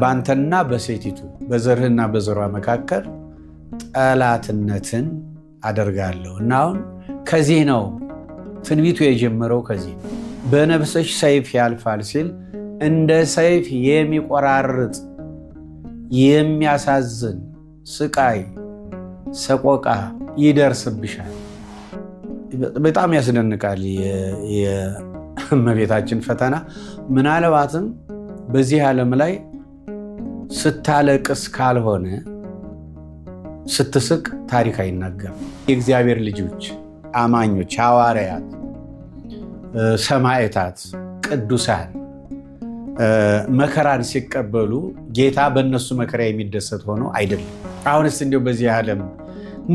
በአንተና በሴቲቱ በዘርህና በዘሯ መካከል ጠላትነትን አደርጋለሁ እና አሁን ከዚህ ነው ትንቢቱ የጀመረው። ከዚህ ነው በነፍስሽ ሰይፍ ያልፋል ሲል እንደ ሰይፍ የሚቆራርጥ የሚያሳዝን ስቃይ ሰቆቃ ይደርስብሻል። በጣም ያስደንቃል የእመቤታችን ፈተና። ምናልባትም በዚህ ዓለም ላይ ስታለቅስ ካልሆነ ስትስቅ ታሪክ አይናገርም። የእግዚአብሔር ልጆች፣ አማኞች፣ ሐዋርያት፣ ሰማዕታት፣ ቅዱሳን መከራን ሲቀበሉ ጌታ በእነሱ መከራ የሚደሰት ሆኖ አይደለም። አሁንስ እንዲያው በዚህ ዓለም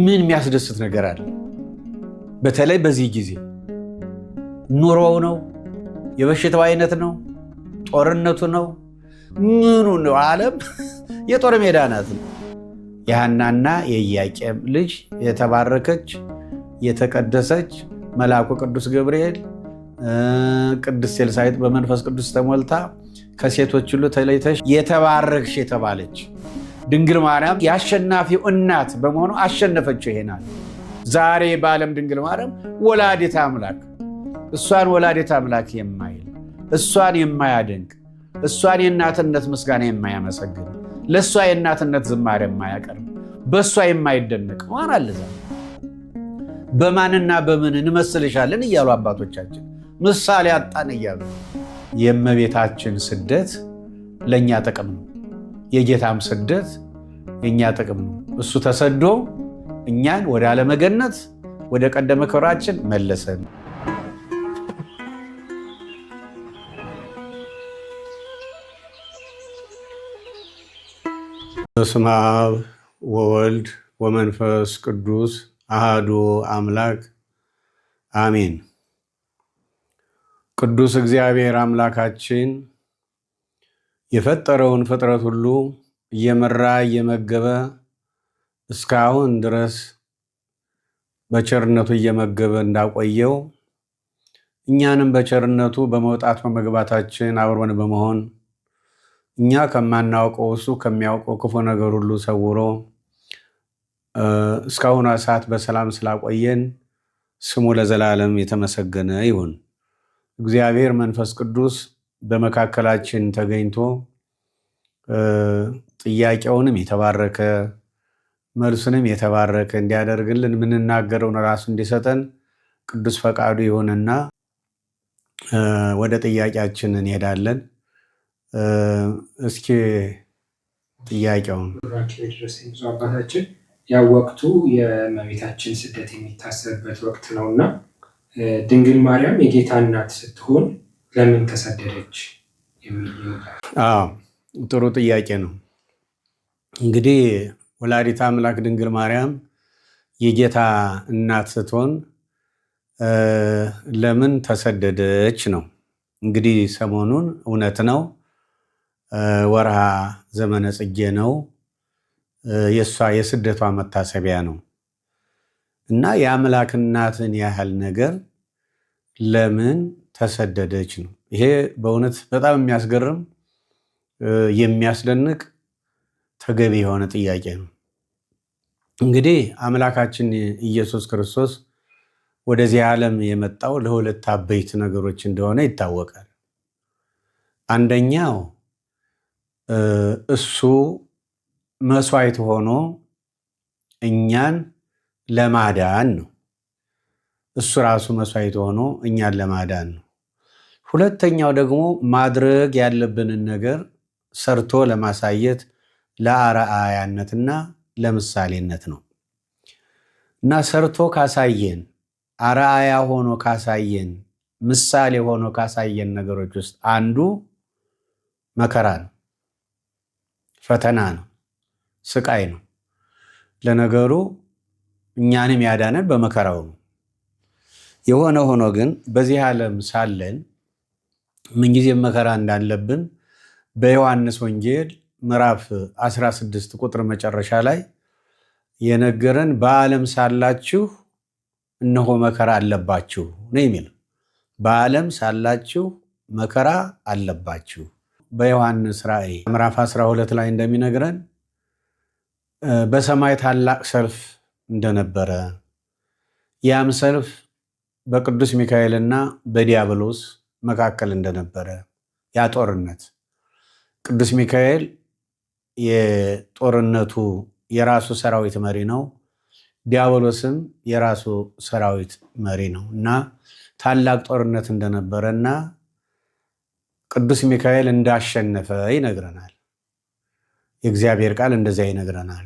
ምን የሚያስደስት ነገር አለ? በተለይ በዚህ ጊዜ ኑሮው ነው፣ የበሽታው አይነት ነው፣ ጦርነቱ ነው ምኑ ነው ዓለም የጦር ሜዳ ናት። የሐናና የኢያቄም ልጅ የተባረከች የተቀደሰች መልአኩ ቅዱስ ገብርኤል ቅድስት ኤልሳቤጥ በመንፈስ ቅዱስ ተሞልታ ከሴቶች ሁሉ ተለይተሽ የተባረክሽ የተባለች ድንግል ማርያም የአሸናፊው እናት በመሆኑ አሸነፈችው። ይሄናል ዛሬ በዓለም ድንግል ማርያም ወላዲተ አምላክ እሷን ወላዲተ አምላክ የማይል እሷን የማያደንቅ እሷን የእናትነት ምስጋና የማያመሰግን ለእሷ የእናትነት ዝማሬ የማያቀርብ በእሷ የማይደነቅ ማን አለ በማንና በምን እንመስልሻለን እያሉ አባቶቻችን ምሳሌ አጣን እያሉ። የእመቤታችን ስደት ለእኛ ጥቅም ነው። የጌታም ስደት የእኛ ጥቅም ነው። እሱ ተሰዶ እኛን ወደ አለመገነት ወደ ቀደመ ክብራችን መለሰን። በስመ አብ ወወልድ ወመንፈስ ቅዱስ አሃዱ አምላክ አሜን። ቅዱስ እግዚአብሔር አምላካችን የፈጠረውን ፍጥረት ሁሉ እየመራ እየመገበ እስካሁን ድረስ በቸርነቱ እየመገበ እንዳቆየው እኛንም በቸርነቱ በመውጣት በመግባታችን አብሮን በመሆን እኛ ከማናውቀው እሱ ከሚያውቀው ክፉ ነገር ሁሉ ሰውሮ እስካሁን ሰዓት በሰላም ስላቆየን ስሙ ለዘላለም የተመሰገነ ይሁን። እግዚአብሔር መንፈስ ቅዱስ በመካከላችን ተገኝቶ ጥያቄውንም የተባረከ መልሱንም የተባረከ እንዲያደርግልን የምንናገረውን ራሱ እንዲሰጠን ቅዱስ ፈቃዱ ይሁንና ወደ ጥያቄያችን እንሄዳለን። እስኪ ጥያቄውን አባታችን ያ ወቅቱ የእመቤታችን ስደት የሚታሰብበት ወቅት ነው እና ድንግል ማርያም የጌታ እናት ስትሆን ለምን ተሰደደች? አዎ ጥሩ ጥያቄ ነው። እንግዲህ ወላዲተ አምላክ ድንግል ማርያም የጌታ እናት ስትሆን ለምን ተሰደደች ነው። እንግዲህ ሰሞኑን እውነት ነው ወርሃ ዘመነ ጽጌ ነው። የእሷ የስደቷ መታሰቢያ ነው እና የአምላክ እናትን ያህል ነገር ለምን ተሰደደች ነው። ይሄ በእውነት በጣም የሚያስገርም የሚያስደንቅ ተገቢ የሆነ ጥያቄ ነው። እንግዲህ አምላካችን ኢየሱስ ክርስቶስ ወደዚህ ዓለም የመጣው ለሁለት አበይት ነገሮች እንደሆነ ይታወቃል። አንደኛው እሱ መስዋይት ሆኖ እኛን ለማዳን ነው። እሱ ራሱ መስዋይት ሆኖ እኛን ለማዳን ነው። ሁለተኛው ደግሞ ማድረግ ያለብንን ነገር ሰርቶ ለማሳየት ለአርአያነትና ለምሳሌነት ነው እና ሰርቶ ካሳየን አርአያ ሆኖ ካሳየን ምሳሌ ሆኖ ካሳየን ነገሮች ውስጥ አንዱ መከራ ነው። ፈተና ነው፣ ስቃይ ነው። ለነገሩ እኛንም ያዳነን በመከራው ነው። የሆነ ሆኖ ግን በዚህ ዓለም ሳለን ምንጊዜ መከራ እንዳለብን በዮሐንስ ወንጌል ምዕራፍ 16 ቁጥር መጨረሻ ላይ የነገረን በዓለም ሳላችሁ እነሆ መከራ አለባችሁ ነው የሚለው። በዓለም ሳላችሁ መከራ አለባችሁ በዮሐንስ ራእይ ምዕራፍ 12 ላይ እንደሚነግረን በሰማይ ታላቅ ሰልፍ እንደነበረ ያም ሰልፍ በቅዱስ ሚካኤልና በዲያብሎስ መካከል እንደነበረ ያ ጦርነት ቅዱስ ሚካኤል የጦርነቱ የራሱ ሰራዊት መሪ ነው። ዲያብሎስም የራሱ ሰራዊት መሪ ነው እና ታላቅ ጦርነት እንደነበረ እና ቅዱስ ሚካኤል እንዳሸነፈ ይነግረናል። የእግዚአብሔር ቃል እንደዚያ ይነግረናል።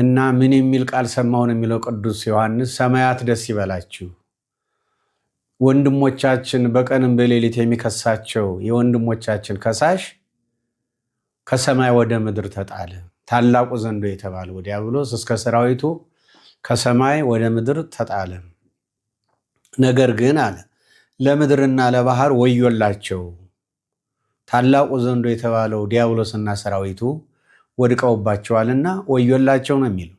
እና ምን የሚል ቃል ሰማሁን የሚለው ቅዱስ ዮሐንስ ሰማያት ደስ ይበላችሁ ወንድሞቻችን በቀንም በሌሊት የሚከሳቸው የወንድሞቻችን ከሳሽ ከሰማይ ወደ ምድር ተጣለ። ታላቁ ዘንዶ የተባለ ዲያብሎስ እስከ ሰራዊቱ ከሰማይ ወደ ምድር ተጣለ። ነገር ግን አለ ለምድርና ለባህር ወዮላቸው። ታላቁ ዘንዶ የተባለው ዲያብሎስና ሰራዊቱ ወድቀውባቸዋልና ወዮላቸው ነው የሚለው።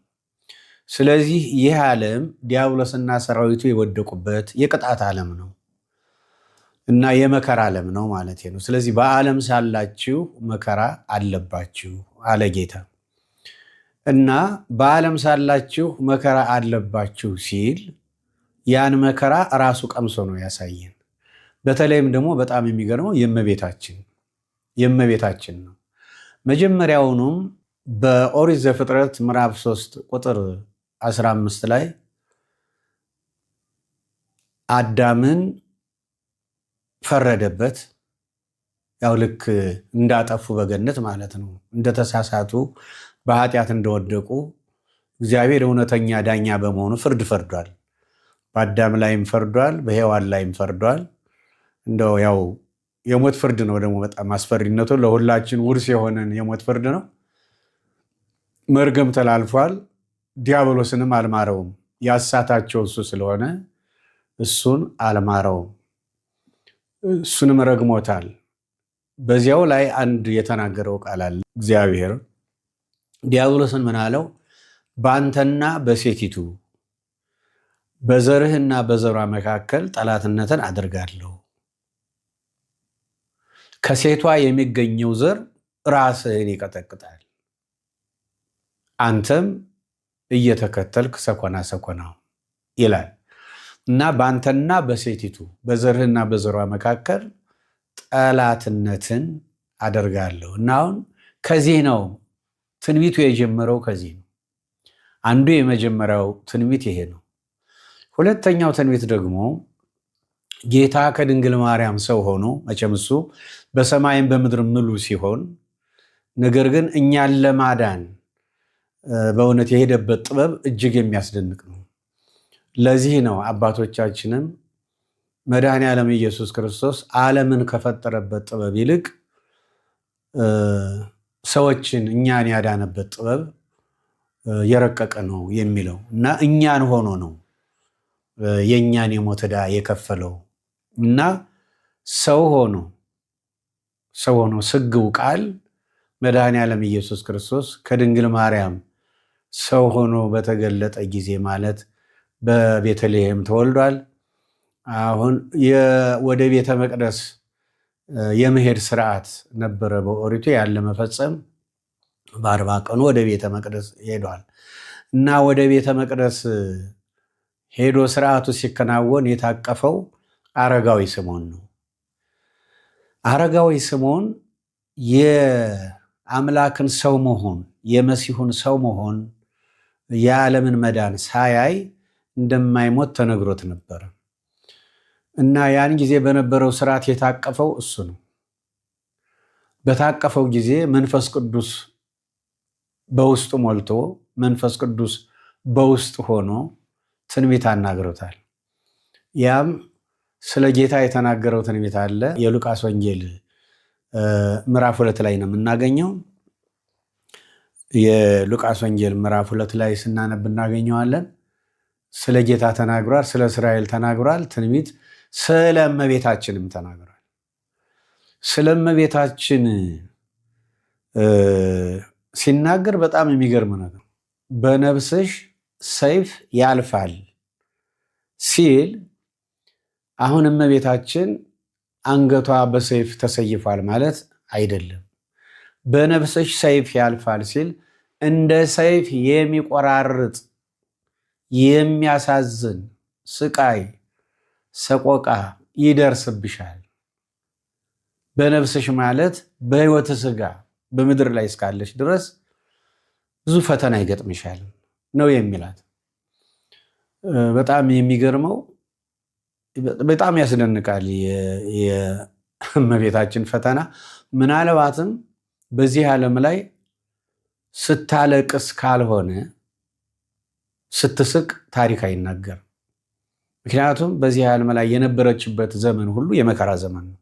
ስለዚህ ይህ ዓለም ዲያብሎስና ሰራዊቱ የወደቁበት የቅጣት ዓለም ነው እና የመከራ ዓለም ነው ማለት ነው። ስለዚህ በዓለም ሳላችሁ መከራ አለባችሁ አለ ጌታ። እና በዓለም ሳላችሁ መከራ አለባችሁ ሲል ያን መከራ ራሱ ቀምሶ ነው ያሳየን። በተለይም ደግሞ በጣም የሚገርመው የእመቤታችን የእመቤታችን ነው። መጀመሪያውኑም በኦሪት ዘፍጥረት ምዕራፍ 3 ቁጥር 15 ላይ አዳምን ፈረደበት። ያው ልክ እንዳጠፉ በገነት ማለት ነው፣ እንደተሳሳቱ በኃጢአት እንደወደቁ እግዚአብሔር እውነተኛ ዳኛ በመሆኑ ፍርድ ፈርዷል። በአዳም ላይም ፈርዷል፣ በሔዋን ላይም ፈርዷል። እንደው ያው የሞት ፍርድ ነው ደግሞ በጣም አስፈሪነቱ ለሁላችን ውርስ የሆነን የሞት ፍርድ ነው። መርገም ተላልፏል። ዲያብሎስንም አልማረውም። ያሳታቸው እሱ ስለሆነ እሱን አልማረውም። እሱንም ረግሞታል። በዚያው ላይ አንድ የተናገረው ቃል አለ። እግዚአብሔር ዲያብሎስን ምን አለው? በአንተና በሴቲቱ በዘርህና በዘሯ መካከል ጠላትነትን አድርጋለሁ። ከሴቷ የሚገኘው ዘር ራስህን ይቀጠቅጣል፣ አንተም እየተከተልክ ሰኮና ሰኮናው ይላል እና በአንተና በሴቲቱ በዘርህና በዘሯ መካከል ጠላትነትን አደርጋለሁ እና አሁን ከዚህ ነው ትንቢቱ የጀመረው። ከዚህ ነው አንዱ የመጀመሪያው ትንቢት ይሄ ነው። ሁለተኛው ትንቢት ደግሞ ጌታ ከድንግል ማርያም ሰው ሆኖ መቼም እሱ በሰማይም በምድር ምሉ ሲሆን ነገር ግን እኛን ለማዳን በእውነት የሄደበት ጥበብ እጅግ የሚያስደንቅ ነው። ለዚህ ነው አባቶቻችንም መድኃኔ ዓለም ኢየሱስ ክርስቶስ ዓለምን ከፈጠረበት ጥበብ ይልቅ ሰዎችን እኛን ያዳነበት ጥበብ የረቀቀ ነው የሚለው እና እኛን ሆኖ ነው የእኛን የሞት ዕዳ የከፈለው እና ሰው ሆኖ ሰው ሆኖ ስግው ቃል መድኃኔ ዓለም ኢየሱስ ክርስቶስ ከድንግል ማርያም ሰው ሆኖ በተገለጠ ጊዜ ማለት በቤተልሔም ተወልዷል። አሁን ወደ ቤተ መቅደስ የመሄድ ስርዓት ነበረ በኦሪቱ ያለ መፈጸም በአርባ ቀኑ ወደ ቤተ መቅደስ ሄዷል እና ወደ ቤተ መቅደስ ሄዶ ስርዓቱ ሲከናወን የታቀፈው አረጋዊ ስምዖን ነው። አረጋዊ ስምዖን የአምላክን ሰው መሆን የመሲሁን ሰው መሆን የዓለምን መዳን ሳያይ እንደማይሞት ተነግሮት ነበር እና ያን ጊዜ በነበረው ስርዓት የታቀፈው እሱ ነው። በታቀፈው ጊዜ መንፈስ ቅዱስ በውስጡ ሞልቶ መንፈስ ቅዱስ በውስጥ ሆኖ ትንቢት አናግሮታል። ያም ስለ ጌታ የተናገረው ትንቢት አለ። የሉቃስ ወንጌል ምዕራፍ ሁለት ላይ ነው የምናገኘው። የሉቃስ ወንጌል ምዕራፍ ሁለት ላይ ስናነብ እናገኘዋለን። ስለ ጌታ ተናግሯል፣ ስለ እስራኤል ተናግሯል። ትንቢት ስለ እመቤታችንም ተናግሯል። ስለ እመቤታችን ሲናገር በጣም የሚገርም ነገር በነብስሽ ሰይፍ ያልፋል ሲል አሁን እመቤታችን አንገቷ በሰይፍ ተሰይፏል ማለት አይደለም። በነፍሰሽ ሰይፍ ያልፋል ሲል እንደ ሰይፍ የሚቆራርጥ የሚያሳዝን ስቃይ ሰቆቃ ይደርስብሻል። በነፍስሽ ማለት በሕይወት ስጋ በምድር ላይ እስካለች ድረስ ብዙ ፈተና ይገጥምሻል ነው የሚላት። በጣም የሚገርመው በጣም ያስደንቃል የእመቤታችን ፈተና። ምናልባትም በዚህ ዓለም ላይ ስታለቅስ ካልሆነ ስትስቅ ታሪክ አይናገርም። ምክንያቱም በዚህ ዓለም ላይ የነበረችበት ዘመን ሁሉ የመከራ ዘመን ነው፣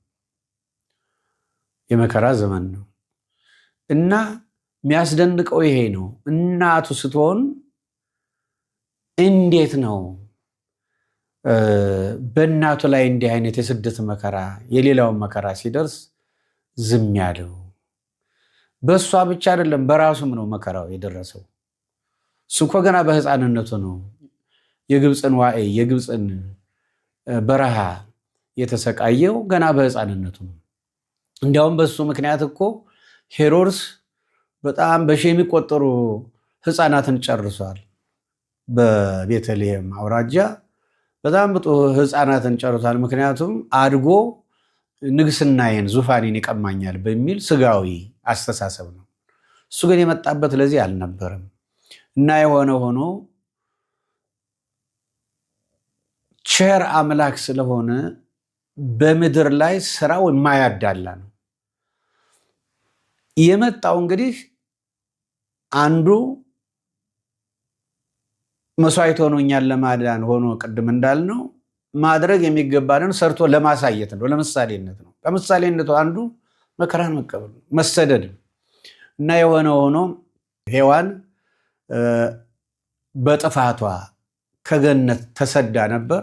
የመከራ ዘመን ነው እና የሚያስደንቀው ይሄ ነው። እናቱ ስትሆን እንዴት ነው በእናቱ ላይ እንዲህ አይነት የስደት መከራ የሌላውን መከራ ሲደርስ ዝም ያለው? በእሷ ብቻ አይደለም፣ በራሱም ነው መከራው የደረሰው። እሱ እኮ ገና በህፃንነቱ ነው የግብፅን ዋዕይ የግብፅን በረሃ የተሰቃየው ገና በህፃንነቱ ነው። እንዲያውም በሱ ምክንያት እኮ ሄሮድስ በጣም በሺ የሚቆጠሩ ህፃናትን ጨርሷል። በቤተልሔም አውራጃ በጣም ህፃናትን ጨርሷል። ምክንያቱም አድጎ ንግስናዬን ዙፋኔን ይቀማኛል በሚል ስጋዊ አስተሳሰብ ነው። እሱ ግን የመጣበት ለዚህ አልነበረም እና የሆነ ሆኖ ቸር አምላክ ስለሆነ በምድር ላይ ስራው የማያዳላ ነው። የመጣው እንግዲህ አንዱ መስዋዕት ሆኖኛል ለማዳን ሆኖ ቅድም እንዳልነው ማድረግ የሚገባንን ሰርቶ ለማሳየት ነው፣ ለምሳሌነት ነው። ከምሳሌነቱ አንዱ መከራን መቀበል መሰደድ እና የሆነ ሆኖ ሔዋን በጥፋቷ ከገነት ተሰዳ ነበር።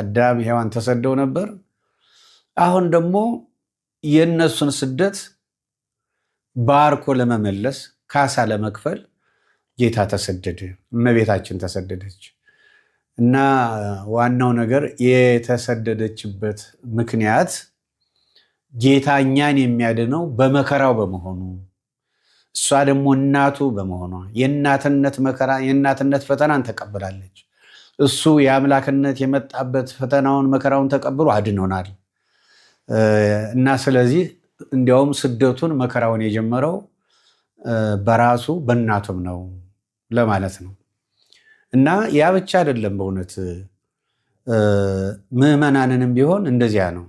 አዳም ሔዋን ተሰደው ነበር። አሁን ደግሞ የእነሱን ስደት ባርኮ ለመመለስ ካሳ ለመክፈል ጌታ ተሰደደ፣ እመቤታችን ተሰደደች እና ዋናው ነገር የተሰደደችበት ምክንያት ጌታ እኛን የሚያድነው በመከራው በመሆኑ እሷ ደግሞ እናቱ በመሆኗ የእናትነት መከራ የእናትነት ፈተናን ተቀብላለች። እሱ የአምላክነት የመጣበት ፈተናውን መከራውን ተቀብሎ አድኖናል እና ስለዚህ እንዲያውም ስደቱን መከራውን የጀመረው በራሱ በእናቱም ነው። ለማለት ነው። እና ያ ብቻ አይደለም። በእውነት ምዕመናንንም ቢሆን እንደዚያ ነው።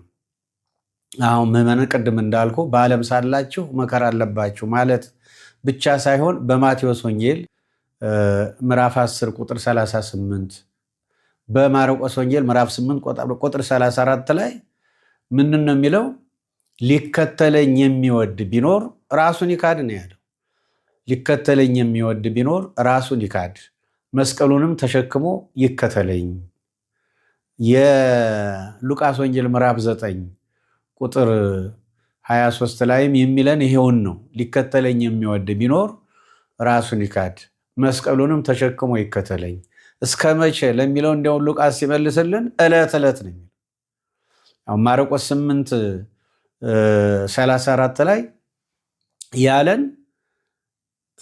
አሁን ምዕመንን ቅድም እንዳልኩ በዓለም ሳላችሁ መከራ አለባችሁ ማለት ብቻ ሳይሆን በማቴዎስ ወንጌል ምዕራፍ 10 ቁጥር 38 በማርቆስ ወንጌል ምዕራፍ 8 ቁጥር 34 ላይ ምንነው ነው የሚለው? ሊከተለኝ የሚወድ ቢኖር ራሱን ይካድ ነው ያለው። ሊከተለኝ የሚወድ ቢኖር ራሱን ይካድ መስቀሉንም ተሸክሞ ይከተለኝ። የሉቃስ ወንጌል ምዕራፍ 9 ቁጥር 23 ላይም የሚለን ይሄውን ነው። ሊከተለኝ የሚወድ ቢኖር ራሱን ይካድ መስቀሉንም ተሸክሞ ይከተለኝ። እስከ መቼ ለሚለው እንዲያውም ሉቃስ ሲመልስልን ዕለት ዕለት ነው የሚለው። ማርቆስ 8 34 ላይ ያለን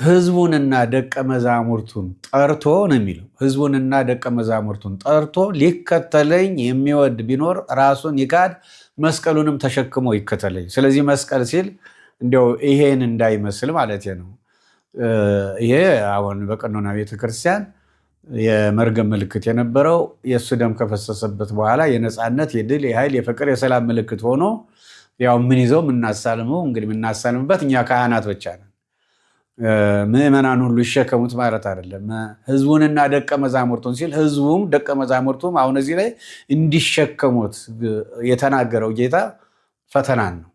ህዝቡንና ደቀ መዛሙርቱን ጠርቶ ነው የሚለው። ህዝቡንና ደቀ መዛሙርቱን ጠርቶ ሊከተለኝ የሚወድ ቢኖር ራሱን ይካድ፣ መስቀሉንም ተሸክሞ ይከተለኝ። ስለዚህ መስቀል ሲል እንዲያው ይሄን እንዳይመስል ማለት ነው። ይሄ አሁን በቀኖና ቤተክርስቲያን የመርገም ምልክት የነበረው የእሱ ደም ከፈሰሰበት በኋላ የነፃነት፣ የድል፣ የኃይል፣ የፍቅር፣ የሰላም ምልክት ሆኖ ያው ምን ይዘው የምናሳልመው እንግዲህ የምናሳልምበት እኛ ካህናት ብቻ ነን። ምዕመናን ሁሉ ይሸከሙት ማለት አይደለም። ህዝቡንና ደቀ መዛሙርቱን ሲል ህዝቡም ደቀ መዛሙርቱም አሁን እዚህ ላይ እንዲሸከሙት የተናገረው ጌታ ፈተናን ነው፣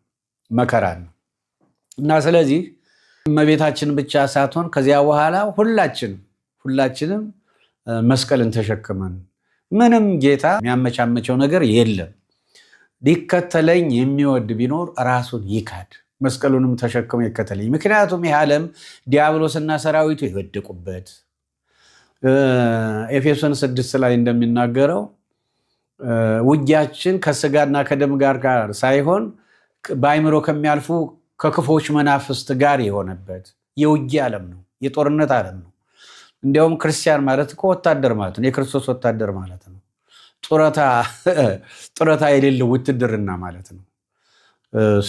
መከራን ነው እና ስለዚህ እመቤታችን ብቻ ሳትሆን ከዚያ በኋላ ሁላችን ሁላችንም መስቀልን ተሸክመን ምንም ጌታ የሚያመቻመቸው ነገር የለም። ሊከተለኝ የሚወድ ቢኖር ራሱን ይካድ መስቀሉንም ተሸክሞ ይከተለኝ። ምክንያቱም ይህ ዓለም ዲያብሎስና ሰራዊቱ የወደቁበት ኤፌሶን ስድስት ላይ እንደሚናገረው ውጊያችን ከስጋና ከደም ጋር ጋር ሳይሆን በአይምሮ ከሚያልፉ ከክፎች መናፍስት ጋር የሆነበት የውጊ ዓለም ነው፣ የጦርነት ዓለም ነው። እንዲያውም ክርስቲያን ማለት እኮ ወታደር ማለት ነው፣ የክርስቶስ ወታደር ማለት ነው። ጡረታ የሌለው ውትድርና ማለት ነው።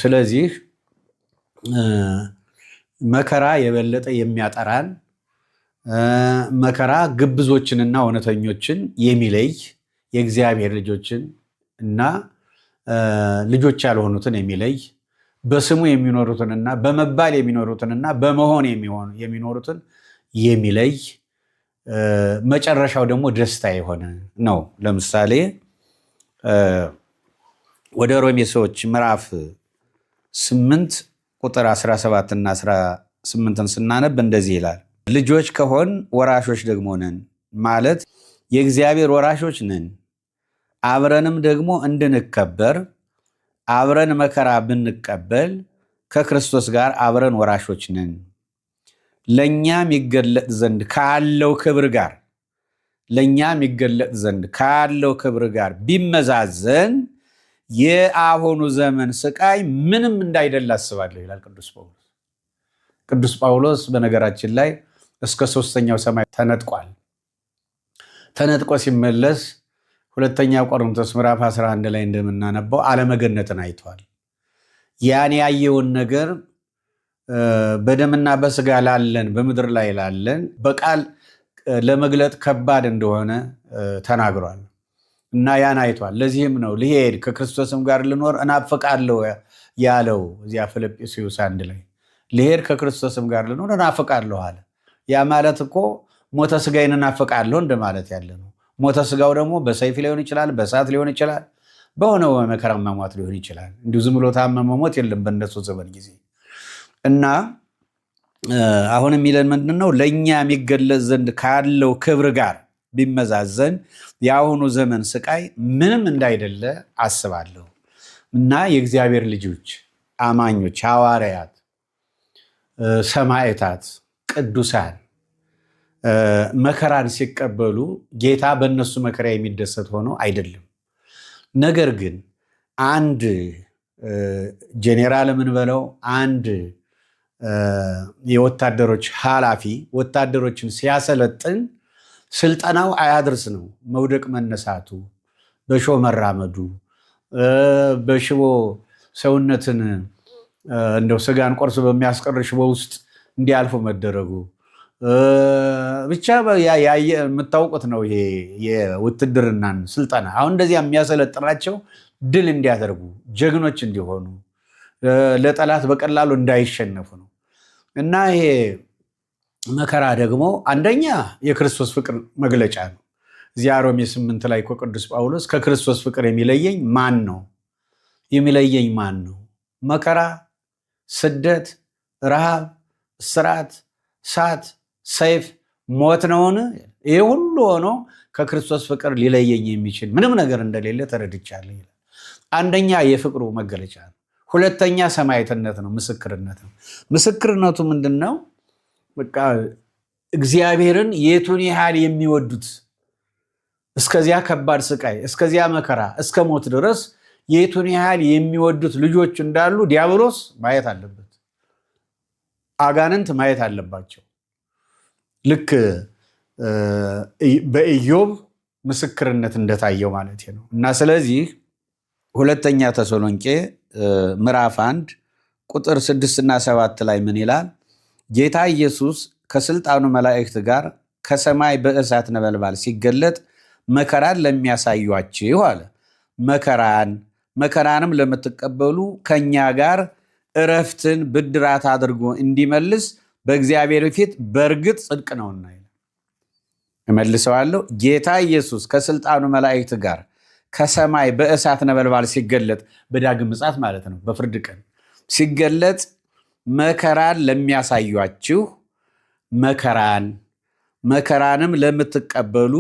ስለዚህ መከራ የበለጠ የሚያጠራን መከራ ግብዞችንና እውነተኞችን የሚለይ የእግዚአብሔር ልጆችን እና ልጆች ያልሆኑትን የሚለይ በስሙ የሚኖሩትንና በመባል የሚኖሩትንና በመሆን የሚኖሩትን የሚለይ መጨረሻው ደግሞ ደስታ የሆነ ነው። ለምሳሌ ወደ ሮሜ ሰዎች ምዕራፍ ስምንት ቁጥር 17 እና 18ን ስናነብ እንደዚህ ይላል፣ ልጆች ከሆን ወራሾች ደግሞ ነን ማለት የእግዚአብሔር ወራሾች ነን። አብረንም ደግሞ እንድንከበር አብረን መከራ ብንቀበል ከክርስቶስ ጋር አብረን ወራሾች ነን። ለእኛም ይገለጥ ዘንድ ካለው ክብር ጋር ለእኛም ይገለጥ ዘንድ ካለው ክብር ጋር ቢመዛዘን የአሁኑ ዘመን ስቃይ ምንም እንዳይደል አስባለሁ ይላል ቅዱስ ጳውሎስ። ቅዱስ ጳውሎስ በነገራችን ላይ እስከ ሶስተኛው ሰማይ ተነጥቋል። ተነጥቆ ሲመለስ ሁለተኛ ቆሮንቶስ ምዕራፍ 11 ላይ እንደምናነበው አለመገነትን አይተዋል። ያን ያየውን ነገር በደምና በስጋ ላለን በምድር ላይ ላለን በቃል ለመግለጥ ከባድ እንደሆነ ተናግሯል። እና ያን አይቷል። ለዚህም ነው ልሄድ ከክርስቶስም ጋር ልኖር እናፍቃለሁ ያለው እዚያ ፊልጵስዩስ አንድ ላይ ልሄድ ከክርስቶስም ጋር ልኖር እናፍቃለሁ አለ። ያ ማለት እኮ ሞተ ስጋዬን እናፍቃለሁ እንደማለት ያለ ነው። ሞተ ስጋው ደግሞ በሰይፍ ሊሆን ይችላል፣ በእሳት ሊሆን ይችላል፣ በሆነ መከራ መሟት ሊሆን ይችላል። እንዲሁ ዝም ብሎ ታመመ ሞት የለም በእነሱ ዘመን ጊዜ እና አሁን የሚለን ምንድን ነው? ለእኛ የሚገለጽ ዘንድ ካለው ክብር ጋር ቢመዛዘን የአሁኑ ዘመን ስቃይ ምንም እንዳይደለ አስባለሁ እና የእግዚአብሔር ልጆች አማኞች፣ ሐዋርያት፣ ሰማዕታት፣ ቅዱሳን መከራን ሲቀበሉ ጌታ በእነሱ መከራ የሚደሰት ሆኖ አይደለም። ነገር ግን አንድ ጄኔራል የምንበለው አንድ የወታደሮች ኃላፊ ወታደሮችን ሲያሰለጥን ስልጠናው አያድርስ ነው። መውደቅ መነሳቱ፣ በሾ መራመዱ፣ በሽቦ ሰውነትን እንደው ስጋን ቆርሶ በሚያስቀር ሽቦ ውስጥ እንዲያልፉ መደረጉ ብቻ የምታውቁት ነው። ይሄ የውትድርናን ስልጠና አሁን እንደዚያ የሚያሰለጥናቸው ድል እንዲያደርጉ ጀግኖች እንዲሆኑ ለጠላት በቀላሉ እንዳይሸነፉ ነው እና ይሄ መከራ ደግሞ አንደኛ የክርስቶስ ፍቅር መግለጫ ነው። እዚያ ሮሜ ስምንት ላይ ቅዱስ ጳውሎስ ከክርስቶስ ፍቅር የሚለየኝ ማን ነው? የሚለየኝ ማን ነው? መከራ፣ ስደት፣ ረሃብ፣ እስራት፣ እሳት፣ ሰይፍ፣ ሞት ነውን? ይህ ሁሉ ሆኖ ከክርስቶስ ፍቅር ሊለየኝ የሚችል ምንም ነገር እንደሌለ ተረድቻለሁ ይላል። አንደኛ የፍቅሩ መገለጫ ነው። ሁለተኛ ሰማዕትነት ነው፣ ምስክርነት ነው። ምስክርነቱ ምንድን ነው? በቃ እግዚአብሔርን የቱን ያህል የሚወዱት እስከዚያ ከባድ ስቃይ፣ እስከዚያ መከራ፣ እስከ ሞት ድረስ የቱን ያህል የሚወዱት ልጆች እንዳሉ ዲያብሎስ ማየት አለበት። አጋንንት ማየት አለባቸው። ልክ በኢዮብ ምስክርነት እንደታየው ማለት ነው። እና ስለዚህ ሁለተኛ ተሰሎንቄ ምዕራፍ አንድ ቁጥር ስድስትና ሰባት ላይ ምን ይላል? ጌታ ኢየሱስ ከስልጣኑ መላእክት ጋር ከሰማይ በእሳት ነበልባል ሲገለጥ መከራን ለሚያሳዩአችሁ አለ። መከራን መከራንም ለምትቀበሉ ከኛ ጋር እረፍትን ብድራት አድርጎ እንዲመልስ በእግዚአብሔር ፊት በእርግጥ ጽድቅ ነውና ይላል። እመልሰዋለሁ። ጌታ ኢየሱስ ከስልጣኑ መላእክት ጋር ከሰማይ በእሳት ነበልባል ሲገለጥ፣ በዳግም ምጽአት ማለት ነው፣ በፍርድ ቀን ሲገለጥ መከራን ለሚያሳዩአችሁ መከራን መከራንም ለምትቀበሉ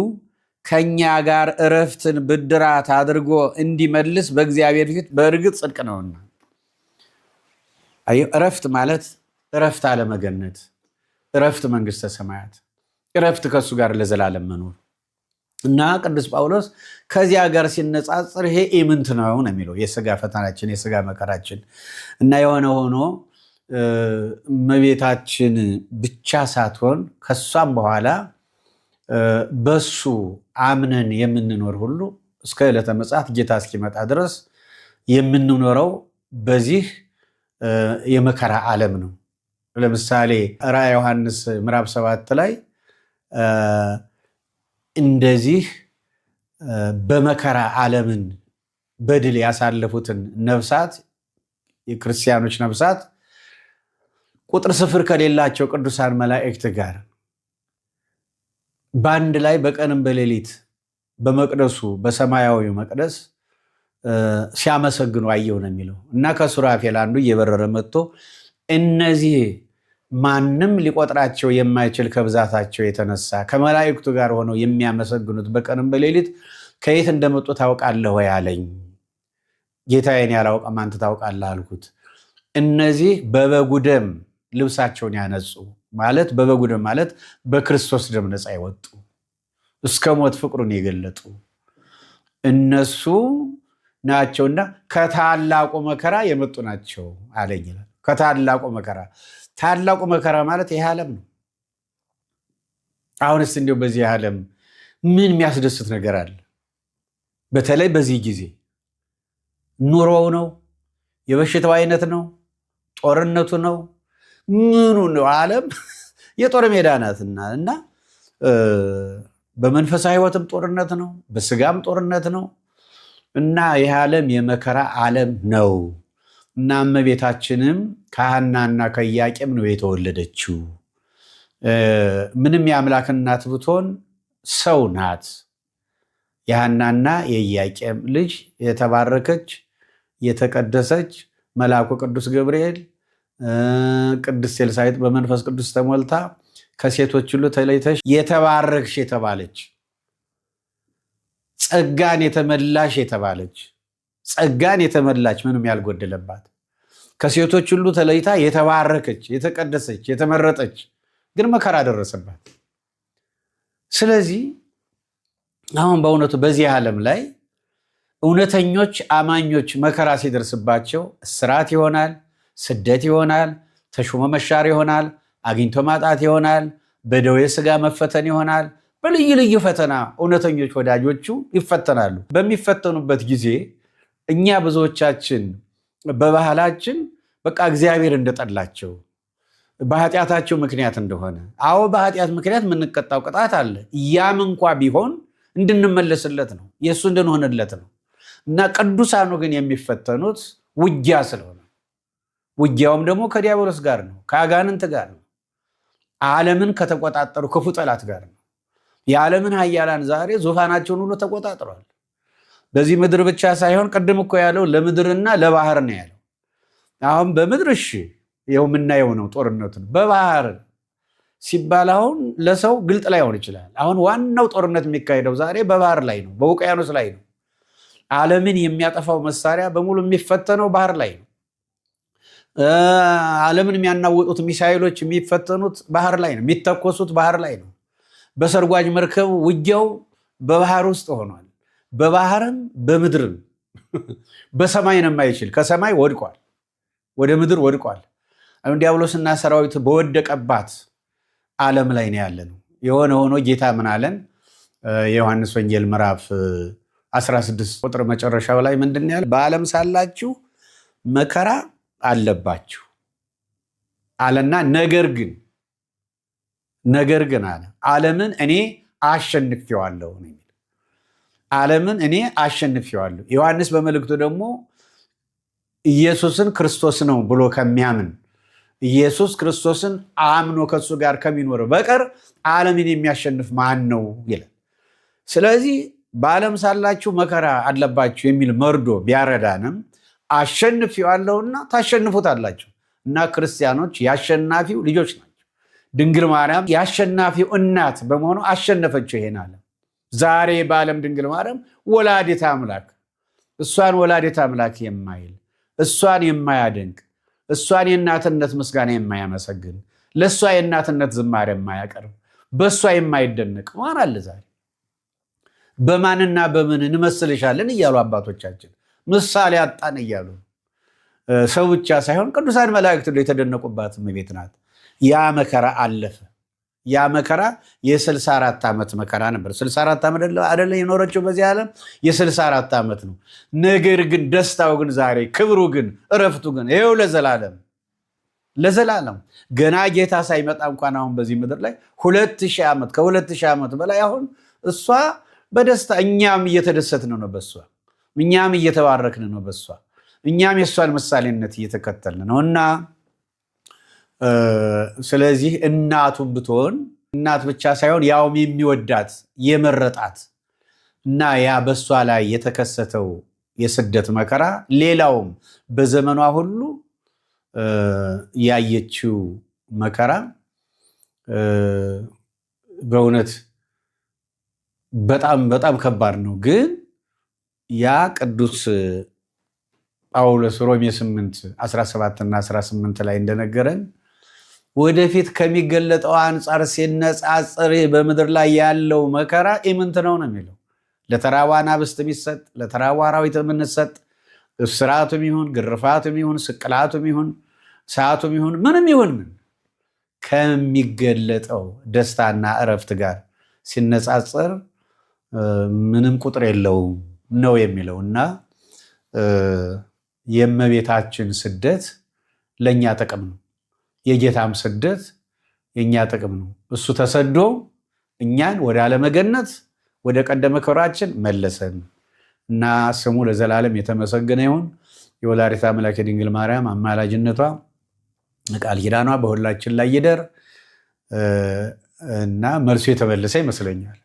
ከእኛ ጋር እረፍትን ብድራት አድርጎ እንዲመልስ በእግዚአብሔር ፊት በእርግጥ ጽድቅ ነውና። እረፍት ማለት እረፍት አለመገነት፣ እረፍት መንግስተ ሰማያት፣ እረፍት ከእሱ ጋር ለዘላለም መኖር እና ቅዱስ ጳውሎስ ከዚያ ጋር ሲነጻጽር ይሄ ኢምንት ነው ነው የሚለው የስጋ ፈተናችን የስጋ መከራችን እና የሆነ ሆኖ እመቤታችን ብቻ ሳትሆን ከሷም በኋላ በሱ አምነን የምንኖር ሁሉ እስከ ዕለተ ምጽአት ጌታ እስኪመጣ ድረስ የምንኖረው በዚህ የመከራ ዓለም ነው። ለምሳሌ ራዕየ ዮሐንስ ምዕራፍ ሰባት ላይ እንደዚህ በመከራ ዓለምን በድል ያሳለፉትን ነፍሳት የክርስቲያኖች ነፍሳት ቁጥር ስፍር ከሌላቸው ቅዱሳን መላእክት ጋር በአንድ ላይ በቀንም በሌሊት በመቅደሱ በሰማያዊ መቅደስ ሲያመሰግኑ አየው ነው የሚለው እና ከሱራፌል አንዱ እየበረረ መጥቶ እነዚህ ማንም ሊቆጥራቸው የማይችል ከብዛታቸው የተነሳ ከመላእክቱ ጋር ሆነው የሚያመሰግኑት በቀንም በሌሊት ከየት እንደመጡ ታውቃለህ ወይ አለኝ። ጌታዬን ያላውቀ ማንት ታውቃለህ አልኩት። እነዚህ በበጉ ደም ልብሳቸውን ያነጹ ማለት በበጉ ደም ማለት በክርስቶስ ደም ነፃ የወጡ እስከ ሞት ፍቅሩን የገለጡ እነሱ ናቸውና ከታላቁ መከራ የመጡ ናቸው አለኝ ከታላቁ መከራ ታላቁ መከራ ማለት ይህ ዓለም ነው። አሁንስ እንዲሁ በዚህ ዓለም ምን የሚያስደስት ነገር አለ? በተለይ በዚህ ጊዜ ኑሮው ነው፣ የበሽታው አይነት ነው፣ ጦርነቱ ነው ምኑ ነው ዓለም የጦር ሜዳ ናትና እና በመንፈሳዊ ህይወትም ጦርነት ነው፣ በስጋም ጦርነት ነው እና ይህ ዓለም የመከራ ዓለም ነው እና እመቤታችንም ከሐናና ከኢያቄም ነው የተወለደችው። ምንም የአምላክ እናት ብትሆን ሰው ናት። የሐናና የኢያቄም ልጅ የተባረከች የተቀደሰች መልአኩ ቅዱስ ገብርኤል ቅድስት ኤልሳቤጥ በመንፈስ ቅዱስ ተሞልታ ከሴቶች ሁሉ ተለይተሽ የተባረክሽ የተባለች ጸጋን የተመላሽ የተባለች ጸጋን የተመላች ምንም ያልጎደለባት ከሴቶች ሁሉ ተለይታ የተባረከች የተቀደሰች የተመረጠች ግን መከራ ደረሰባት። ስለዚህ አሁን በእውነቱ በዚህ ዓለም ላይ እውነተኞች አማኞች መከራ ሲደርስባቸው እስራት ይሆናል ስደት ይሆናል፣ ተሾሞ መሻር ይሆናል፣ አግኝቶ ማጣት ይሆናል፣ በደዌ ስጋ መፈተን ይሆናል። በልዩ ልዩ ፈተና እውነተኞች ወዳጆቹ ይፈተናሉ። በሚፈተኑበት ጊዜ እኛ ብዙዎቻችን በባህላችን በቃ እግዚአብሔር እንደጠላቸው በኃጢአታቸው ምክንያት እንደሆነ አዎ፣ በኃጢአት ምክንያት የምንቀጣው ቅጣት አለ። ያም እንኳ ቢሆን እንድንመለስለት ነው፣ የእሱ እንድንሆንለት ነው። እና ቅዱሳኑ ግን የሚፈተኑት ውጊያ ስለሆነ ውጊያውም ደግሞ ከዲያብሎስ ጋር ነው፣ ከአጋንንት ጋር ነው፣ ዓለምን ከተቆጣጠሩ ክፉ ጠላት ጋር ነው። የዓለምን ሀያላን ዛሬ ዙፋናቸውን ሁሉ ተቆጣጥሯል። በዚህ ምድር ብቻ ሳይሆን ቅድም እኮ ያለው ለምድርና ለባህር ነው ያለው። አሁን በምድር እሺ፣ ይኸው የምናየው ነው ጦርነቱን። በባህር ሲባል አሁን ለሰው ግልጥ ላይሆን ይችላል። አሁን ዋናው ጦርነት የሚካሄደው ዛሬ በባህር ላይ ነው፣ በውቅያኖስ ላይ ነው። ዓለምን የሚያጠፋው መሳሪያ በሙሉ የሚፈተነው ባህር ላይ ነው። ዓለምን የሚያናውጡት ሚሳይሎች የሚፈተኑት ባህር ላይ ነው፣ የሚተኮሱት ባህር ላይ ነው። በሰርጓጅ መርከብ ውጊያው በባህር ውስጥ ሆኗል። በባህርም በምድርም በሰማይ ነው የማይችል። ከሰማይ ወድቋል፣ ወደ ምድር ወድቋል። አሁን ዲያብሎስና ሰራዊት በወደቀባት ዓለም ላይ ነው ያለ ነው። የሆነ ሆኖ ጌታ ምን አለን? የዮሐንስ ወንጌል ምዕራፍ 16 ቁጥር መጨረሻው ላይ ምንድን ያለ? በዓለም ሳላችሁ መከራ አለባችሁ አለና ነገር ግን ነገር ግን አለ ዓለምን እኔ አሸንፌዋለሁ ነው የሚለው። ዓለምን እኔ አሸንፌዋለሁ። ዮሐንስ በመልእክቱ ደግሞ ኢየሱስን ክርስቶስ ነው ብሎ ከሚያምን ኢየሱስ ክርስቶስን አምኖ ከሱ ጋር ከሚኖር በቀር ዓለምን የሚያሸንፍ ማን ነው ይላል። ስለዚህ በዓለም ሳላችሁ መከራ አለባችሁ የሚል መርዶ ቢያረዳንም አሸንፊዋለሁና ታሸንፉታላችሁ። እና ክርስቲያኖች የአሸናፊው ልጆች ናቸው። ድንግል ማርያም የአሸናፊው እናት በመሆኑ አሸነፈችው ይሄን ዓለም። ዛሬ በዓለም ድንግል ማርያም ወላዲተ አምላክ እሷን ወላዲተ አምላክ የማይል እሷን የማያደንቅ እሷን የእናትነት ምስጋና የማያመሰግን ለእሷ የእናትነት ዝማሬ የማያቀርብ በእሷ የማይደነቅ ማን አለ ዛሬ? በማንና በምን እንመስልሻለን እያሉ አባቶቻችን ምሳሌ አጣን እያሉ ሰው ብቻ ሳይሆን ቅዱሳን መላእክት ሁሉ የተደነቁባት እመቤት ናት። ያ መከራ አለፈ። ያ መከራ የ64 ዓመት መከራ ነበር። 64 ዓመት አደለ የኖረችው በዚህ ዓለም የ64 ዓመት ነው። ነገር ግን ደስታው ግን ዛሬ ክብሩ ግን እረፍቱ ግን ይኸው ለዘላለም ለዘላለም ገና ጌታ ሳይመጣ እንኳን አሁን በዚህ ምድር ላይ ሁለት ሺህ ዓመት ከሁለት ሺህ ዓመት በላይ አሁን እሷ በደስታ እኛም እየተደሰት ነው ነው በሷ እኛም እየተባረክን ነው በሷ እኛም የእሷን ምሳሌነት እየተከተልን ነው እና ስለዚህ እናቱን ብትሆን እናት ብቻ ሳይሆን ያውም የሚወዳት የመረጣት እና ያ በእሷ ላይ የተከሰተው የስደት መከራ ሌላውም በዘመኗ ሁሉ ያየችው መከራ በእውነት በጣም በጣም ከባድ ነው ግን ያ ቅዱስ ጳውሎስ ሮሜ 8 17 እና 18 ላይ እንደነገረን ወደፊት ከሚገለጠው አንጻር ሲነጻጽር በምድር ላይ ያለው መከራ ኢምንት ነው ነው የሚለው ለተራቡ አናብስት የሚሰጥ ለተራቡ አራዊት የምንሰጥ እስራቱም ይሁን ግርፋቱም ይሁን ስቅላቱም ይሁን ሰዓቱም ይሁን ምንም ይሁን ምን ከሚገለጠው ደስታና እረፍት ጋር ሲነጻጽር ምንም ቁጥር የለውም። ነው የሚለው እና የእመቤታችን ስደት ለእኛ ጥቅም ነው። የጌታም ስደት የእኛ ጥቅም ነው። እሱ ተሰዶ እኛን ወደ አለመገነት ወደ ቀደመ ክብራችን መለሰን እና ስሙ ለዘላለም የተመሰገነ ይሁን። የወላዲተ አምላክ የድንግል ማርያም አማላጅነቷ ቃል ኪዳኗ በሁላችን ላይ ይደር እና መልሱ የተመለሰ ይመስለኛል።